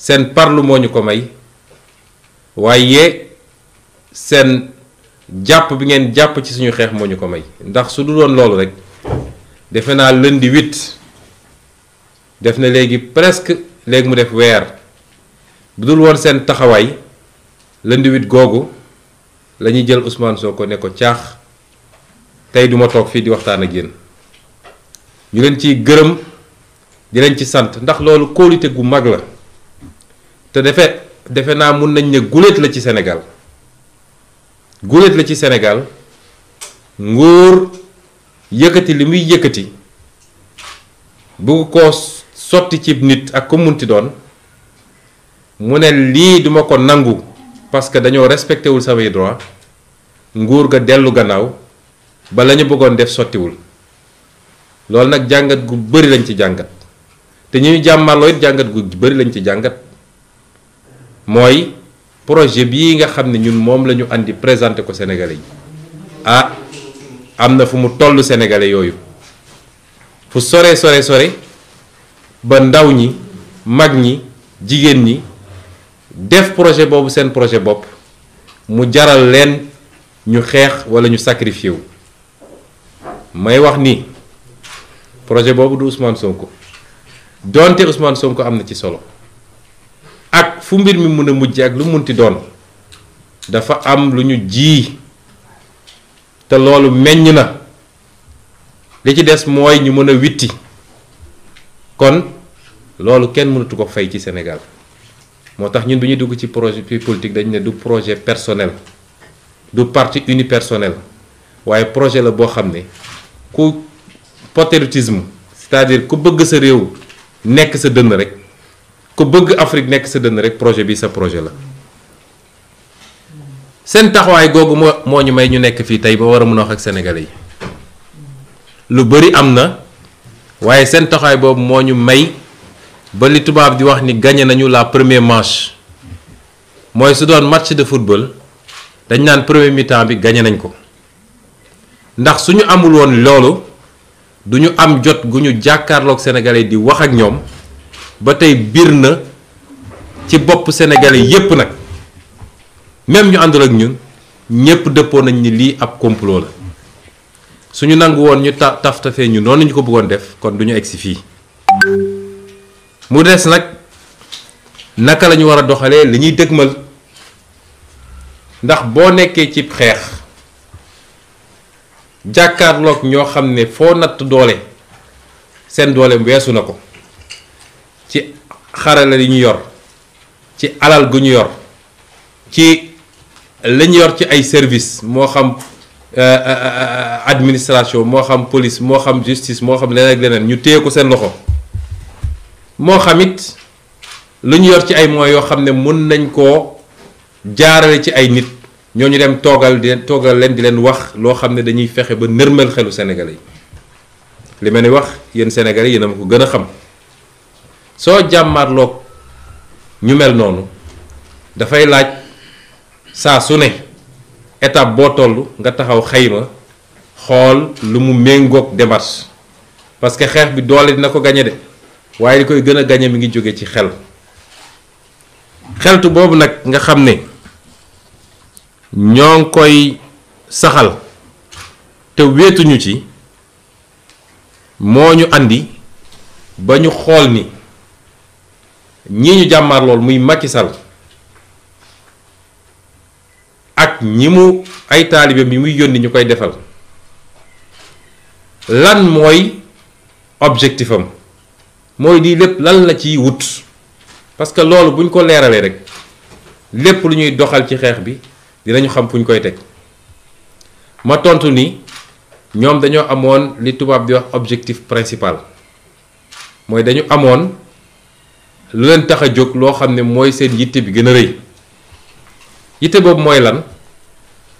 seen parlu moo ñu ko may waaye seen jàpp bi ngeen jàpp ci suñu xeex moo ñu ko may ndax su dul woon loolu rek defe naa lundi 8 def na léegi presque léegi mu def weer bu dul woon seen taxawaay lundi 8 googu lañuy ñuy jël Ousmane ko ne ko caax tey duma toog fii di waxtaan a yéen ñu leen ciy gërëm di leen ci sant ndax loolu kóolite gu mag la te defe defe naa mun nañ ne guléet la ci senegal guléet la ci senegal nguur yëkkati li muy yëkkati bugg ko sotti ci nit ak ko munti doon mu ne lii duma ko nangu parce que dañoo respecté wul samay droit nguur ga dellu gannaaw ba la ñu bëggoon def sottiwul loolu nag jàngat gu bari lañ ci jàngat te ñuy jàmmaloo it jàngat gu bari lañ ci jàngat mooy projet bii nga xam ne ñun moom la ñu andi présenté ko Sénégalais yi ah am na fu mu toll Sénégalais yooyu fu sore sore sore ba ndaw ñi mag ñi jigéen ñi def projet boobu seen projet bopp mu jaral leen ñu xeex wala ñu sacrifié wu may wax ni projet boobu du Ousmane Sonko donte Ousmane Sonko am na ci solo. ak fu mbir mi mun a mujj ak lu munti doon dafa am lu ñu ji te loolu meññ na li ci des mooy ñu mën a witti kon loolu kenn mënatu ko fay ci Sénégal moo tax ñun bi ñuy dugg ci projet politique dañ ne du projet personnel du parti personnel waaye projet la boo xam ne ku patriotisme cest à ku bëgg sa réew nekk sa dënn rek ku bëgg Afrique nekk sa dënn rek projet bi sa projet la seen taxawaay googu moo moo ñu may ñu nekk fii tey ba war a mën a wax ak sénégalais yi lu bëri am na waaye seen taxawaay boobu moo ñu may bali tubaab di wax ni gagné nañu la premier manche mooy su doon match de football dañ naan premier mi bi gagné nañ ko ndax su ñu amul woon loolu du ñu am jot gu ñu jàkkaarloog sénégalais di wax ak ñoom. ba tey biir na ci bopp sénégalais yépp nag même ñu àndul ak ñun ñépp dëppoo nañ ni lii ab complot la suñu nangu woon ñu ta taftafee ñu noonu ñu ko bëggoon def kon du ñu egsi fii mu des nag naka lañu ñu war a doxalee li ñuy dëgmal ndax boo nekkee ci xeex jàkkaarloog ñoo xam ne foo natt doole seen doole weesu na ko ci xarala yi ñu yor ci alal gu ñu yor ci lañ yor ci ay service moo xam euh, euh, euh, administration moo xam police moo xam justice moo xam leneen ak leneen ñu téye ko seen loxo moo xam it lu ñu yor ci ay moyens yoo xam ne mën nañ koo jaarale ci ay nit ñoo ñu dem toogal di leen toogal leen di leen wax loo xam ne dañuy fexe ba nërmal xelu senegal yi li ma ni wax yéen senegal yi a ma ko gën a xam. soo jàmmarloog ñu mel noonu dafay laaj saa su ne étape boo toll nga taxaw xayma xool lu mu méngoog démarche parce que xeex bi doole dina ko gañe de waaye li koy gën a gañe mi ngi jóge ci xel xeltu boobu nag nga xam ne ñoo koy saxal te wéetuñu ci moo ñu andi ba ñu xool ni ñii ñu jàmmaar lool muy Macky sal ak ñi mu ay taalibe bi muy yónni ñu koy defal lan mooy objectif am mooy di lépp lan la ciy wut parce que loolu buñ ko leeralee rek lépp lu ñuy doxal ci xeex bi dinañu xam fu ñu koy teg ma tontu ni ñoom dañoo amoon li tubaab bi wax objectif principal mooy dañu amoon. lu leen tax a jóg loo xam ne mooy seen yitte bi gën a rëy yitte boobu mooy lan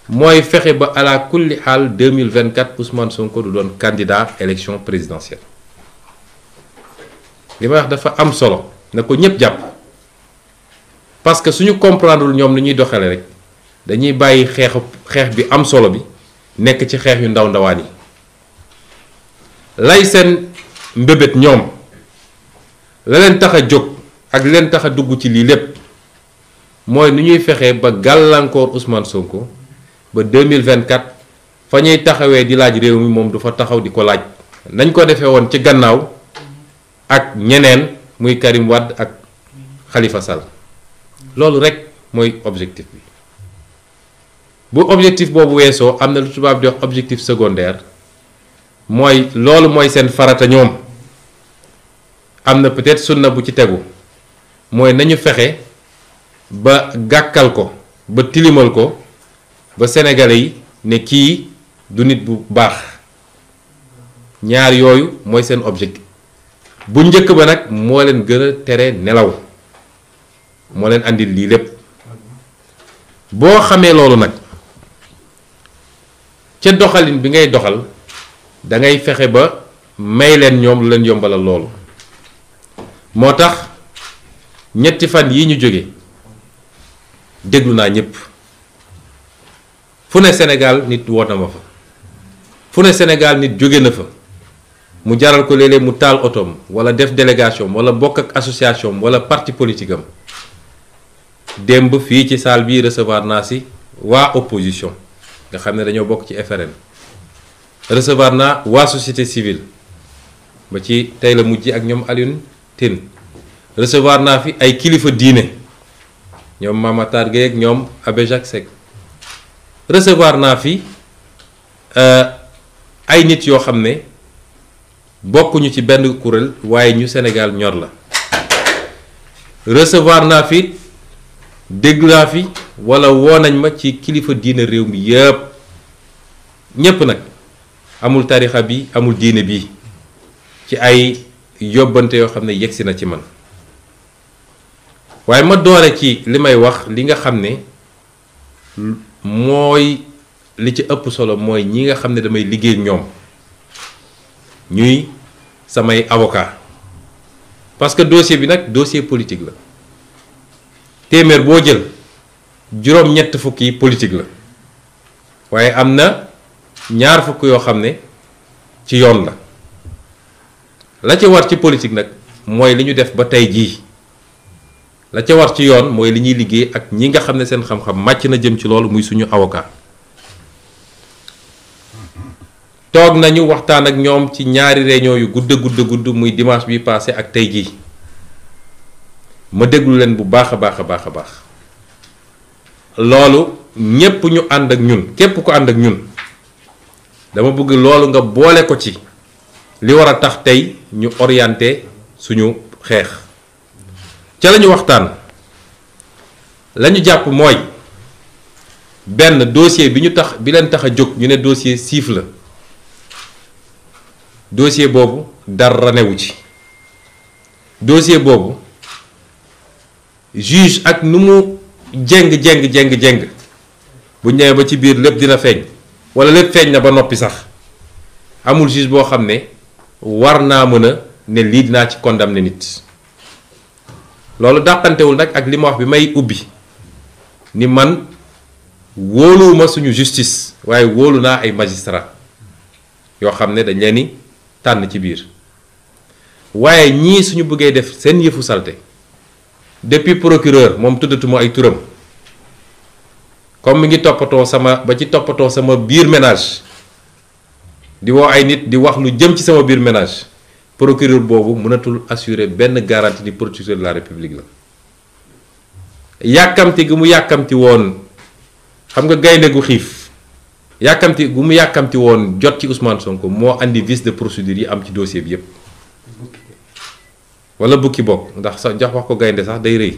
mooy fexe ba ala kulli xaal 2024 Ousmane Sonko du doon candidat élection présidentielle li ma wax dafa am solo ne ko ñëpp jàpp parce que suñu comprendre lu ñoom li ñuy doxale rek dañuy bàyyi xeexu xeex bi am solo bi nekk ci xeex yu ndaw ndawaan yi lay seen mbébét ñoom la tax a jóg ak leen tax a dugg ci lii lépp mooy nu ñuy fexee ba gàllankoor Ousmane Sonko ba mille vingt 2024 fa ñuy taxawee di laaj réew mi moom du fa taxaw di ko laaj. nañ ko defee woon ci gannaaw ak ñeneen muy Karim Wade ak xalifa sal loolu rek mooy objectif bi bu objectif boobu weesoo am na lu tubaab jox wax objectif secondaire mooy loolu mooy seen farata ñoom am na peut-être sunna bu ci tegu. mooy nañu fexe ba gàkkal ko ba tilimal ko ba senegale yi ne kii du nit bu baax ñaar yooyu mooy seen objectif bu njëkk ba nag moo leen gën a tere nelaw moo leen indi lii lépp boo xamee loolu nag ca doxalin bi ngay doxal dangay fexe ba may leen ñoom lu leen yombalal loolu moo tax ñetti fan yi ñu jóge déglu naa ñépp fu ne Sénégal nit woo na ma fa fu ne Sénégal nit jóge na fa mu jaral ko léeg mu taal otoom wala def délégation walla bokk ak association wala parti politikam am démb fii ci salle bii recevoir naa si waa opposition nga xam ne dañoo bokk ci FRN recevoir naa waa société civile ba ci tey la mujj ak ñoom Alioune Tine recevoir naa fi ay kilifa diine ñoom Mama Tar ak ñoom Abbé Jacques Seck naa fi euh, ay nit yoo xam ne bokkuñu ci benn kuréel waaye ñu senegal ñor la resevoir naa fi dégg naa fi walla woo nañ ma ci kilifa diine réew mi yépp ñépp nag amul tarixa bi amul diine bi ci ay yóbbante yoo xam ne yegsi na ci man waaye ma doore ci li may wax li nga xam ne mooy li ci ëpp solo mooy ñi nga xam ne damay liggéey ñoom ñuy samay avocat parce que dossier bi nag dossier politique la téeméer boo jël juróom-ñett fukk yi la waaye am na ñaar fukk yoo xam ne ci yoon la la ci war ci politique nag mooy li ñu def ba tey jii la ca war ci yoon mooy li ñuy liggéey ak ñi nga xam ne seen xam-xam màcc na jëm ci loolu muy suñu avocat toog nañu waxtaan ak ñoom ci ñaari réunion yu gudd gudd gudd muy dimanche bi passé ak tey jii ma déglu leen bu baax a baax a baax a baax loolu ñépp ñu ànd ak ñun képp ko ànd ak ñun dama bëgg loolu nga boole ko ci li war a tax tey ñu orienté suñu xeex ca lañu waxtaan la ñu jàpp mooy benn dossier bi ñu tax bi leen tax a jóg ñu ne dossier siif la dossier boobu dara newu ci dossier boobu juge ak nu mu jéng jéng jéng jeng bu ñëwee ba ci biir lépp dina feeñ wala lépp feeñ na ba noppi sax amul juge boo xam ne war naa mën a ne lii dinaa ci condamné nit loolu dàqantewul nag ak li ma wax bi may ubbi ni man wóoluwuma suñu justice waaye wóolu naa ay magistrat yoo xam ne dañ leen ni tànn ci biir waaye ñii suñu bëggee def seen yëfu salte depuis procureur moom tuddatuma ay turam comme mu ngi toppatoo sama ba ci toppatoo sama biir ménage di woo ay nit di wax lu jëm ci sama biir ménage procureur boobu mënatul assurer benn garantie ni procureur la république la yàkkamti gu mu yàkkamti woon xam nga gaynde gu xiif yàkkamti gu mu yàkkamti woon jot ci Ousmane Sonko moo indi vice de procédure yi am ci dossier bi yépp wala bukki bokk ndax sa jox wax ko gaynde sax day rëy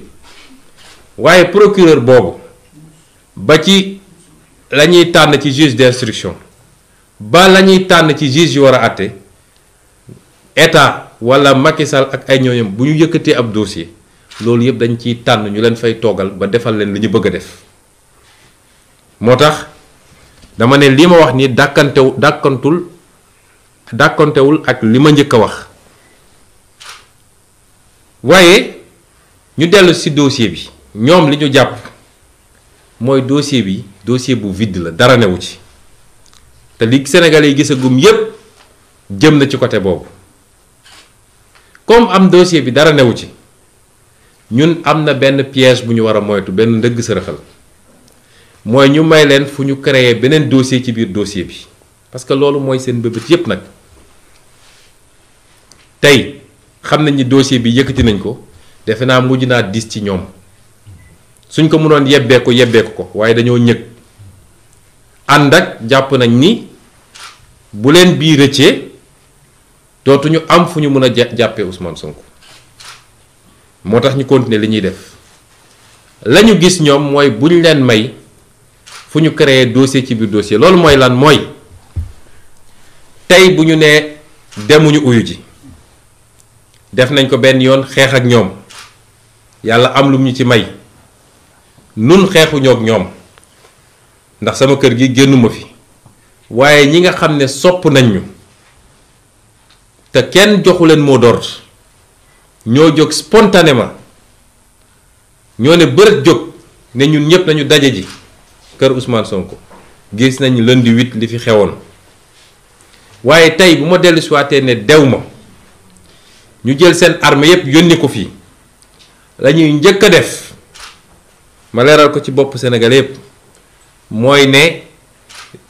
waaye procureur boobu ba ci la ñuy tànn ci juge d'instruction ba la ñuy tànn ci juge yu war a àtte état wala Macky Sall ak ay ñooñam bu ñu yëkkatee ab dossier loolu yëpp dañ ciy tànn ñu leen fay toogal ba defal leen li ñu bëgg a def moo tax dama ne li ma wax ni dàkkantew dàkkantul dàkkantewul ak li ma njëkk a wax waaye ñu dellu ci dossier bi ñoom li ñu jàpp mooy dossier bi dossier bu vide la dara newu ci te li Sénégalais yi gisagum yépp jëm na ci côté boobu comme am dossier bi dara newu ci ñun am na benn piège bu ñu war a moytu benn ndëgg sërëxal mooy ñu may leen fu ñu créer beneen dossier ci biir dossier bi parce que loolu mooy seen bëbët yépp nag tey xam nañ ni dossier bi yëkkati nañ ko defe naa mujj naa diis ci ñoom suñ ko mënoon yebbee yebbeeku yebbee ko waaye dañoo ñëg ànd ak jàpp nañ ni bu leen bii rëccee dootuñu am fu ñu mën a jàppee Ousmane Sonko moo tax ñu continuer li ñuy def la ñu gis ñoom mooy bu ñu leen may fu ñu créer dossier ci biir dossier loolu mooy lan mooy tey bu ñu nee demuñu uyu ji def nañ ko benn yoon xeex ak ñoom yàlla am lu ñu ci may nun xeexuñoo ak ñoom ndax sama kër gi génnuma fi waaye ñi nga xam ne sopp nañ ñu te kenn joxu leen mot d'ordre ñoo jóg spontanément ñoo ne bërët jóg ne ñun ñëpp nañu daje ji kër Ousmane Sonko gis nañ lundi huit li fi xewoon waaye tey bu ma dellu si ne dew ma ñu jël seen arme yépp yónni ko fii lañuy njëkk a def ma leeral ko ci bopp senegal yépp mooy ne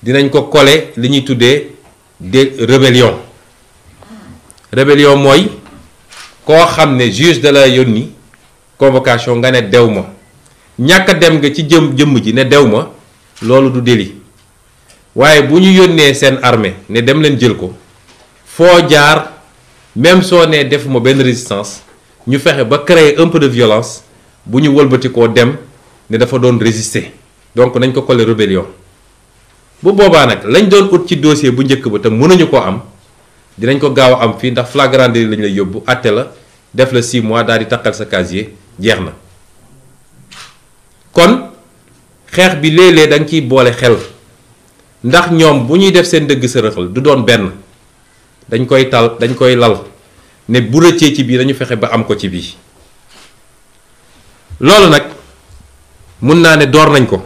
dinañ ko kole li ñuy tuddee de rébellion rébellion mooy koo xam ne juge da la yónni convocation nga ne dew ma ñàkk dem nga ci jëm jëmm ji ne dew ma loolu du délit waaye bu ñu yónnee seen armée ne dem leen jël ko foo jaar même soo nee defuma benn résistance ñu fexe ba créer un de violence bu ñu wëlbati koo dem ne dafa doon résister donc nañ ko coller rébellion bu boobaa nag lañ doon ut ci dossier bu njëkk ba te mënuñu ko am dinañ ko gaaw a am fii ndax flagrant délit lañ lay yóbbu àtte la def la 6 mois daal di taqal sa casier jeex na kon xeex bi léeg-léeg da nga ciy boole xel ndax ñoom bu ñuy def seen dëgg sërëxal du doon benn dañ koy tal dañ koy lal ne bu rëccee ci biir dañu fexe ba am ko ci bii loolu nag mun naa ne door nañ ko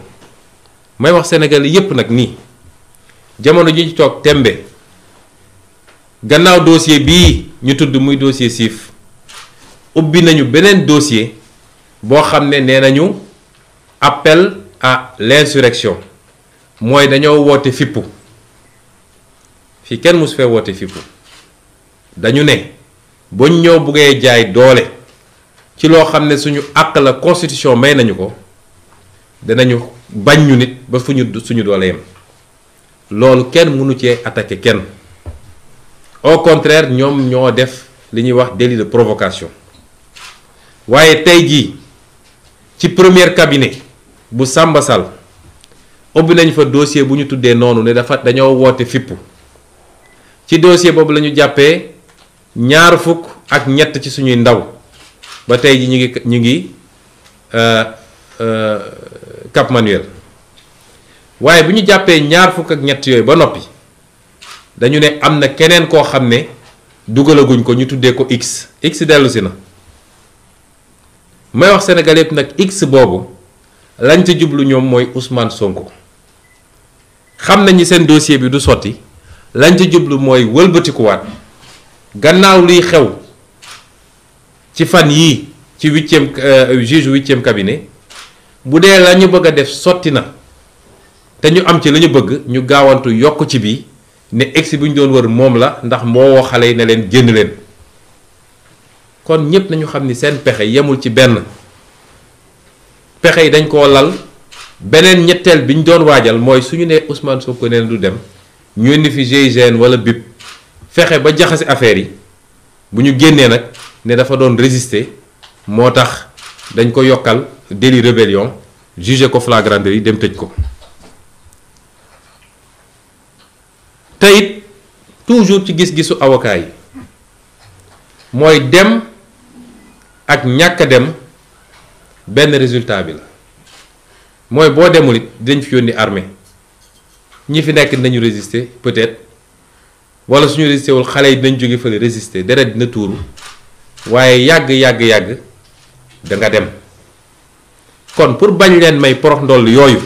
may wax Sénégal yépp nag nii jamono ji ci toog tembe gannaaw dossier bii ñu tudd muy dossier siif ubbi nañu beneen dossier boo xam ne nee nañu appel à l'insurrection mooy dañoo woote fippu fii kenn mosu fee woote fippu dañu ne buñ ñoo buggee jaay doole ci loo xam ne suñu àq la constitution may nañu ko danañu bañ ñu nit ba fu suñu doole loolu kenn mënu cee attaqué kenn au contraire ñoom ñoo def li ñuy wax délit de provocation waaye tey jii ci première cabinet bu sàmba Sall ubbi nañ fa dossier bu ñu tuddee noonu ne dafa dañoo woote fippu ci dossier boobu la ñu jàppee ñaar fukk ak ñett ci suñuy ndaw ba tey ji ñu ngi ñu ngi euh, euh, Cap Manuel waaye bu ñu jàppee ñaar fukk ak ñett yooyu ba noppi dañu ne am na keneen koo xam ne dugalaguñ ko ñu tuddee ko x x dellu si na may wax sénégalais nag x boobu lañ ca jublu ñoom mooy Ousmane Sonko xam nañu seen dossier bi du sotti lañ ca jublu mooy wëlbatikuwaat gannaaw liy xew ci fan yii ci huitième euh, juge huitième cabinet bu dee la ñu bëgg a def sotti na te ñu am ci la ñu bëgg ñu gaawantu yokk ci bii ne egsi bu ñu doon wër moom la ndax moo woo xale yi ne leen génn leen kon ñépp nañu xam ni seen pexe yemul ci benn pexe yi dañ ko lal beneen ñetteel bi ñu doon waajal mooy suñu ne Ousmane Sonko neen du dem ñu indi fi GIGN wala BIP fexe ba jaxase affaire yi bu ñu génnee nag ne dafa doon résister moo tax dañ ko yokkal délit rébellion jugé ko flagrant délit dem tëj ko toujours ci gis-gisu avocat yi mooy dem ak ñàkk dem benn résultat bi la mooy boo demul it dinañ fi yónni armée ñi fi nekk dinañu résister peut-être wala suñu résister wul xale yi dinañ jóge fële résister deret dina tuuru waaye yàgg yàgg yàgg danga dem kon pour bañ leen may porox ndoll yooyu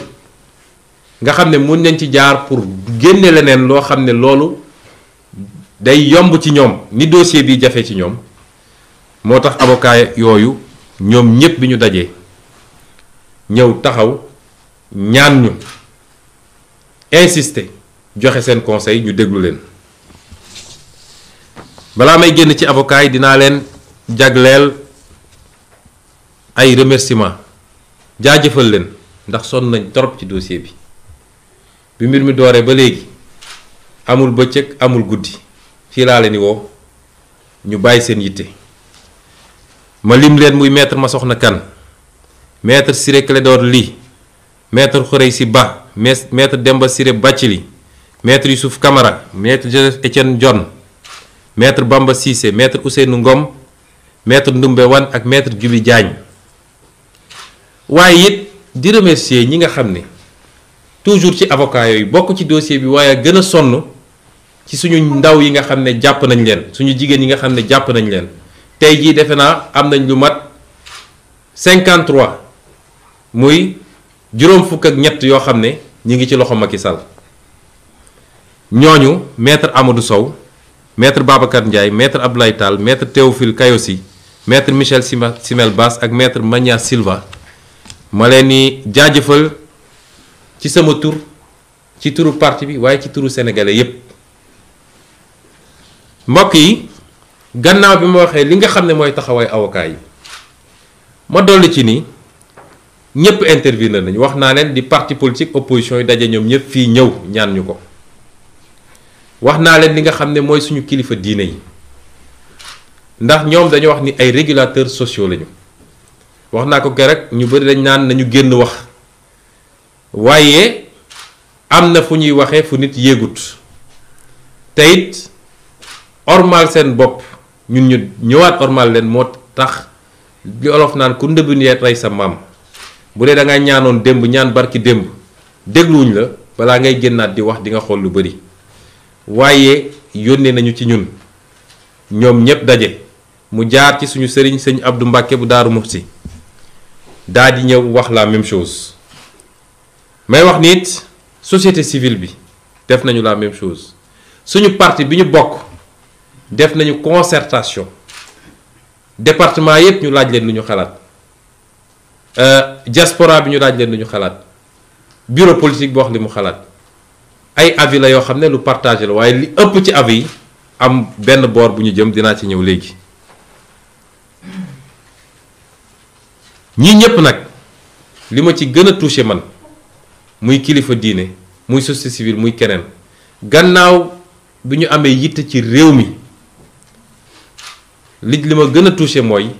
nga xam ne mun nañ ci jaar pour génne leneen loo xam ne loolu. day yomb ci ñoom ni dossier bi jafe ci ñoom moo tax avocat yooyu ñoom ñépp bi ñu dajee ñëw taxaw ñaan ñu insister joxe seen conseil ñu déglu leen balaa may génn ci avocat yi dinaa leen jagleel ay remerciement jaajëfal leen ndax sonn nañ torop ci dossier bi bi mbir mi dooree ba léegi amul bëccëg amul guddi fii laa woo ñu bàyyi seen yitte ma lim leen muy ma soxna kan Kane maître Ciré Clédor Ly maître Khoureyssi Ba maître Demba Ciré Bathily maître Youssouf Camara maître Joseph Étienne Dione maître Bamba Cissé maître Ousseynou Ngom maître Ndoumbé Wane ak maître Djibi jaañ waaye it di remercier ñi nga xam ni toujours ci avocat yooyu bokk ci dossier bi waaye gën a sonn ci suñu ndaw yi nga xam ne jàpp nañ leen suñu jigéen yi nga xam ne jàpp nañ leen tey jii defe naa am nañ lu mat 53 muy juróom fukk ak ñett yoo xam ne ñi ngi ci loxo Macky Sall ñooñu maître Amadou Sow maître Babacar Ndiaye maître Abdoulaye Tall maître Théophile Kayosi maître Michel Simel Bass ak maître Magna Silva ma leen di jaajëfal ci sama tur ci turu parti bi waaye ci turu sénégalais yépp mbokk yi gannaaw bi ma waxee li nga xam ne mooy taxawaay avocat yi ma dolli ci nii ñëpp intervenir nañu wax naa leen di parti politique opposition yi daje ñoom ñëpp fii ñëw ñaan ñu ko wax naa leen li nga xam ne mooy suñu kilifa diine yi ndax ñoom dañu wax ni ay régulateurs sociaux lañu wax naa ko keroog ñu bari dañ naan nañu génn wax waaye am na fu ñuy waxee fu nit yéegut te ormal seen bopp ñun ñu ñëwaat ormal leen moo tax li olof naan ku ndëbbi ne rey sa maam bu dee da ngay ñaanoon démb ñaan barki démb dégluwuñ la balaa ngay génnaat di wax di nga xool lu bëri waaye yónnee nañu ci ñun ñoom ñëpp daje mu jaar ci suñu sëriñ sëñ Abdou Mbàkke bu Daaru Muxti daa di ñëw wax laa même chose may wax nit société civile bi def nañu la même chose suñu parti bi ñu bokk def nañu concertation département yépp ñu laaj leen lu ñu xalaat euh, diaspora bi ñu laaj leen lu xalaat bureau politique bi wax li mu xalaat ay avis la yoo xam ne lu partagé la waaye li ëpp ci avis yi am benn boor bu ñu jëm dinaa ci ñëw léegi ñii ñépp nag li ma ci gën a touché man muy kilifa diine muy société civile muy keneen gannaaw bi ñu amee yitt ci réew mi li li ma gën a touché mooy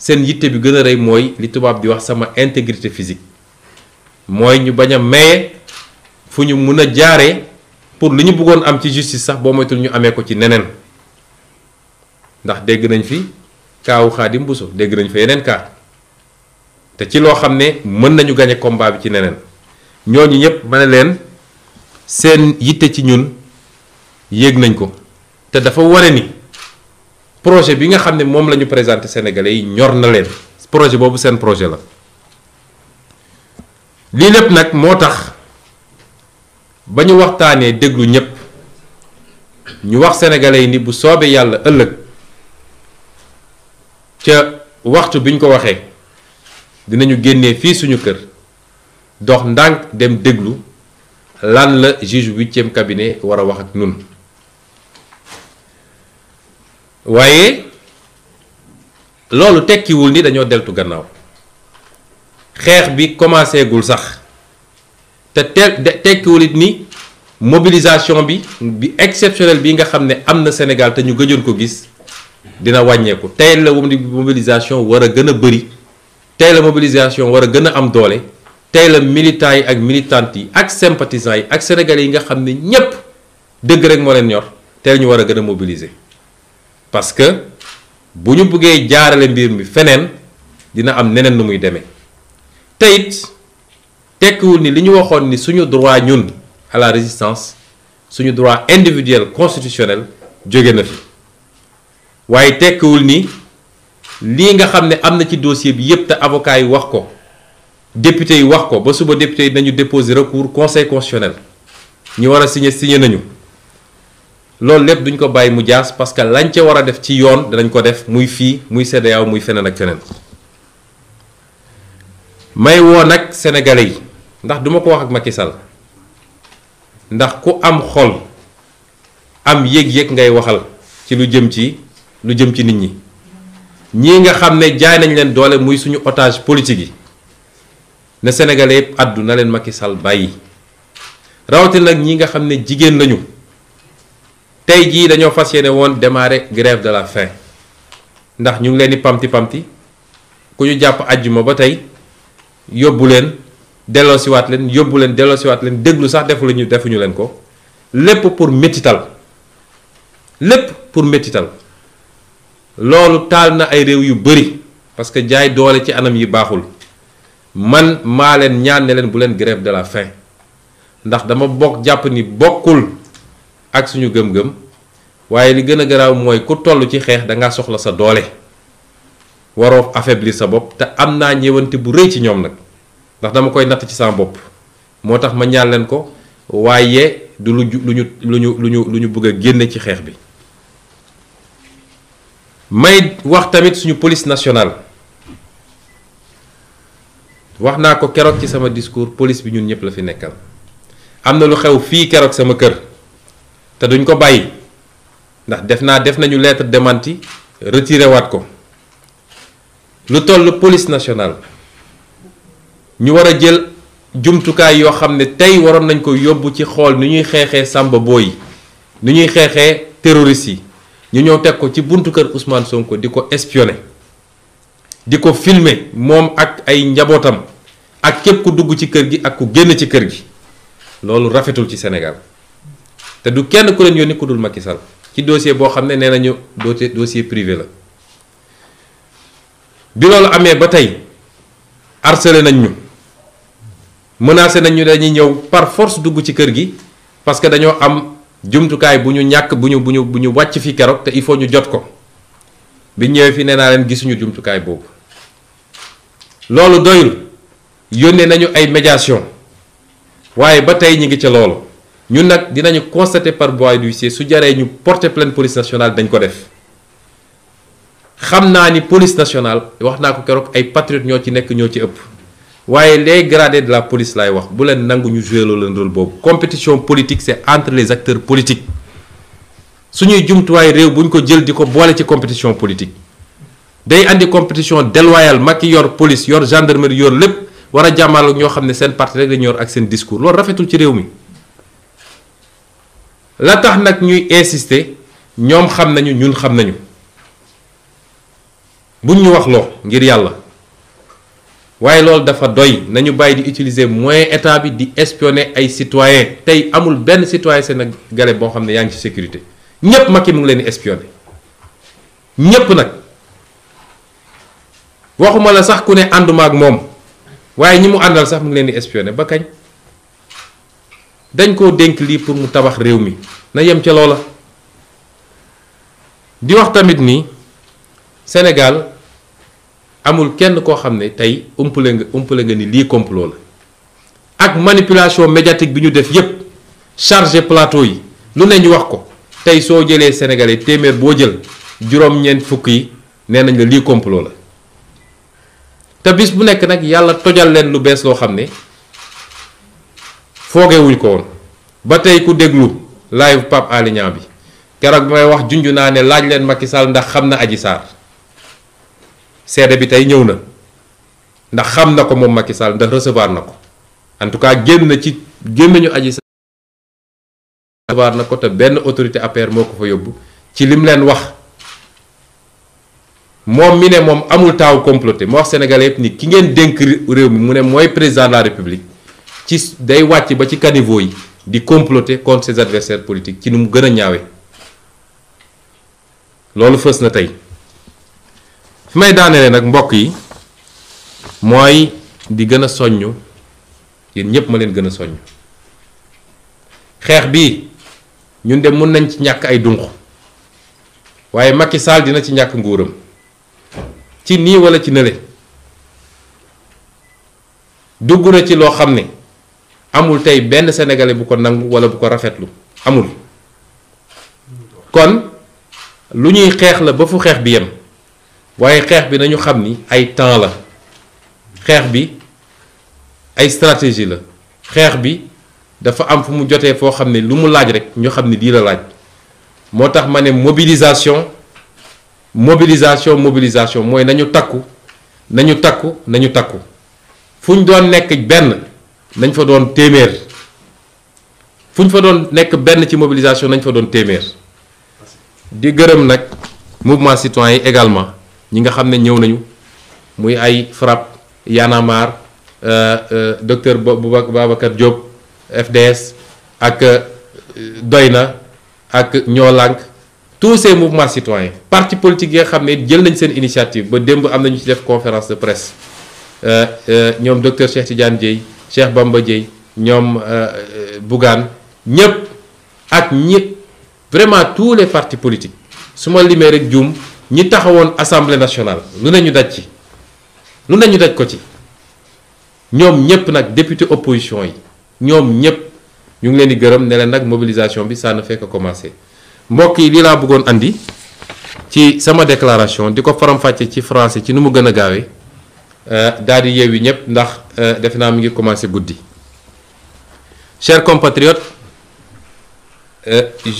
seen yitte bi gën a rey mooy li tubaab di wax sama intégrité physique mooy ñu bañ a maye fu ñu mun a jaare pour li ñu bëggoon am ci justice sax boo moytul ñu amee ko ci neneen ndax dégg nañ fi kaawu Xaadim Bousso dégg nañ fa yeneen kaa te ci loo xam ne mën nañu gañe combat bi ci neneen ñooñu ñëpp ma ne leen seen yitte ci ñun yéeg nañ ko te dafa ware ni projet bi nga xam ne moom lañu ñu présenté yi ñor na leen projet boobu seen projet la lii lépp nag moo tax ba ñu waxtaanee déglu ñépp ñu wax sénégalais yi ni bu soobee yàlla ëllëg ca waxtu bi ñu ko waxee dinañu génnee fii suñu kër dox ndànk dem déglu lan la juge huitième cabinet war a wax ak nun waaye loolu tekkiwul ni dañoo deltu gannaaw xeex bi commencé sax te te tekkiwul it ni mobilisation bi bi exceptionnelle bi nga xam ne am na Sénégal te ñu gëjoon ko gis dina wàññeeku tey la mobilisation war a gën a bëri tey la mobilisation war a gën a am doole tey la militants yi ak militantes yi ak sympathisants yi ak sénégalais yi nga xam ne ñépp dëgg rek moo leen ñor tey la ñu war a gën a mobiliser parce que bu ñu bëggee jaarale mbir mi feneen dina am neneen nu muy demee teyit tekkiwul ni li ñu waxoon ni suñu droit ñun à la résistance suñu droit individuel constitutionnel jóge na fi waaye tekkiwul ni lii nga xam ne am na ci dossier bi yépp te avocat yi wax ko député yi wax ko ba suba député yi nañu déposer recours conseil constitutionnel ñu war a signer signer nañu loolu lépp duñ ko bàyyi mu jaas parce que lañ ca war a def ci yoon danañ ko def muy fii muy sedd CEDEAO muy feneen ak feneen may woo nag sénégalais yi ndax duma ko wax ak Macky sal ndax ku am xol am yëg-yëg ngay waxal ci lu jëm ci lu jëm ci nit ñi ñii nga xam ne jaay nañ leen doole muy suñu otage politique yi ne sénégalais yëpp àddu na leen Macky sal bàyyi rawatina nag ñi nga xam ne jigéen lañu tey jii dañoo fas yéene woon démarrer grève de la faim ndax ñu ngi leen di pamti pamti ku ñu jàpp àjjuma ba tey yóbbu leen delloosiwaat leen yóbbu leen delloosiwaat leen déglu sax defu lañu defuñu leen ko lépp pour métital lépp pour métital loolu taal na ay réew yu bëri parce que jaay doole ci anam yi baaxul man maa leen ñaan ne leen bu leen grève de la faim ndax dama bokk jàpp ni bokkul. ak suñu gëm-gëm waaye li gën a garaaw mooy ku toll ci xeex da ngaa soxla sa doole waroo affaiblir sa bopp te am naa ñëwante bu rëy ci ñoom nag ndax dama koy natt ci sama bopp moo tax ma ñaan leen ko waaye du lu lu ñu lu ñu lu ñu lu ñu bëgg a génne ci xeex bi may wax tamit suñu police nationale wax naa ko keroog ci sama discours police bi ñun ñëpp la fi nekkal am na lu xew fii keroog sama kër te duñ ko bàyyi ndax def naa def nañu lettre démenti retiré waat ko lu toll police nationale ñu war a jël jumtukaay yoo xam ne tey waroon nañ ko yóbbu ci xool ni ñuy xeexee Samba boo yi ni ñuy xeexee terroriste yi ñu ñëw teg ko ci buntu kër Ousmane Sonko di ko espionné di ko filme moom ak ay njabootam ak képp ku dugg ci kër gi ak ku génn ci kër gi loolu rafetul ci Sénégal. te du kenn ku leen yónni ku dul Macky Sall ci dossier boo xam ne ne nañu dossier dossier privé la bi loolu amee ba tey harcelé nañ ñu menacé nañ ñu dañuy ñëw par force dugg ci kër gi parce que dañoo am jumtukaay bu ñu ñàkk bu ñu bu ñu bu ñu wàcc fi keroog te il faut ñu jot ko bi ñëwee fi nee naa leen gisuñu jumtukaay boobu loolu doyul yónnee nañu ay médiation waaye ba tey ñi ngi ca loolu ñun nag dinañu constater par voie d'huissier su jaree ñu porte plainte police nationale dañ ko def xam naa ni police nationale wax naa ko keroog ay patriotes ñoo ci nekk ñoo ci ëpp waaye les gradés de la police laay wax bu leen nangu ñu joué leen rôle boobu compétition politique c'est entre les acteurs politiques suñuy jumtuwaay réew bu ko jël di ko boole ci compétition politique day indi compétition déloyale Macky yor police yor gendarmerie yor lépp war a jàmmal ñoo xam ne seen parti rek dañu yor ak seen discours loolu rafetul ci réew mi. la tax nag ñuy insister ñoom xam nañu ñun xam nañu buñ ñu wax loo ngir yàlla waaye loolu dafa doy nañu bàyyi di utiliser moyen état bi di espionner ay citoyen tey amul benn citoyen sénégalais boo xam ne yaa ngi ci sécurité ñépp yi mu ngi leen di espionner ñépp nag waxuma la sax ku ne ànduma ak moom waaye ñi mu àndal sax mu ngi leen di espionner ba kañ dañ koo dénk lii pour mu tabax réew mi na yem ca loola di wax tamit nii Sénégal amul kenn koo xam ne tey umpale nga umpale nga ni lii complot la ak manipulation médiatique bi ñu def yépp chargé plateau yi lu ne ñu wax ko tey soo jëlee sénégalais téeméer boo jël juróom-ñeent fukk yi nee nañ la lii complot la te bis bu nekk nag yàlla tojal leen lu bees loo xam ne foogewuñ ko woon ba tey ku déglu live Pape Alé bi keroog bi may wax junj naa ne laaj leen Macky Sall ndax xam na aji Sarr seede bi tey ñëw na ndax xam na ko moom Macky Sall ndax recevoir na ko en tout cas génn na ci génn ñu aji Sarr na ko te benn autorité APR moo ko fa yóbbu ci lim leen wax moom mi ne moom amul taaw comploté ma wax sénégalais yëpp ni ki ngeen dénk réew mi mu ne mooy président de la république ci day wàcc ba ci caniveau yi di comploter contre ses adversaires politiques ci nu mu gën a ñaawe loolu fës na tey fi may daanelee nag mbokk yi mooy di gën a soññ yéen ñépp ma leen gën a soññ xeex bi ñun de mun nañ ci ñàkk ay dunq waaye Macky Sall dina ci ñàkk nguuram ci nii wala ci nële dugg na ci loo xam ne amul tey benn sénégalais bu ko nangu wala bu ko rafetlu amul kon lu ñuy xeex la ba fu xeex bi yem waaye xeex bi nañu xam ni ay temps la xeex bi ay stratégie la xeex bi dafa am fu mu jotee foo xam ne lu mu laaj rek ñu xam ni lii la laaj moo tax ma ne mobilisation mobilisation mobilisation mooy nañu takku nañu takku nañu takku fu ñu doon nekk benn. nañ fa doon téeméer fu ñu fa doon nekk benn ci mobilisation nañ fa doon téeméer di gërëm nag mouvement citoyen yi également ñi nga xam ne ñëw nañu muy ay FRAPP Y'en a marre euh, euh, docteur Babacar Diop FDS ak euh, Doyna ak Ñoo Lank tous ces mouvements citoyens parti politique yi nga xam ne jël nañ seen initiative ba démb am nañu ci def conférence de presse ñoom docteur Cheikh Tidiane Dieye Cheikh Bamba Dièye ñoom euh, euh, Bougane ñëpp ak ñi vraiment tous les partis politiques su ma limee rek juum ñi taxawoon assemblée nationale lu ne ñu daj ci lu ne ñu daj ko ci ñoom ñëpp nag député opposition yi ñoom ñëpp ñu ngi leen di gërëm ne leen nag mobilisation bi ça fekk fait commencer mbokk yi lii laa bëggoon indi ci sama déclaration di ko faram fàccee ci français ci nu mu gën a gaawee. Euh, daal di yeewi ñëpp ndax euh, defe naa mi ngir commencé guddi chers compatriotes euh,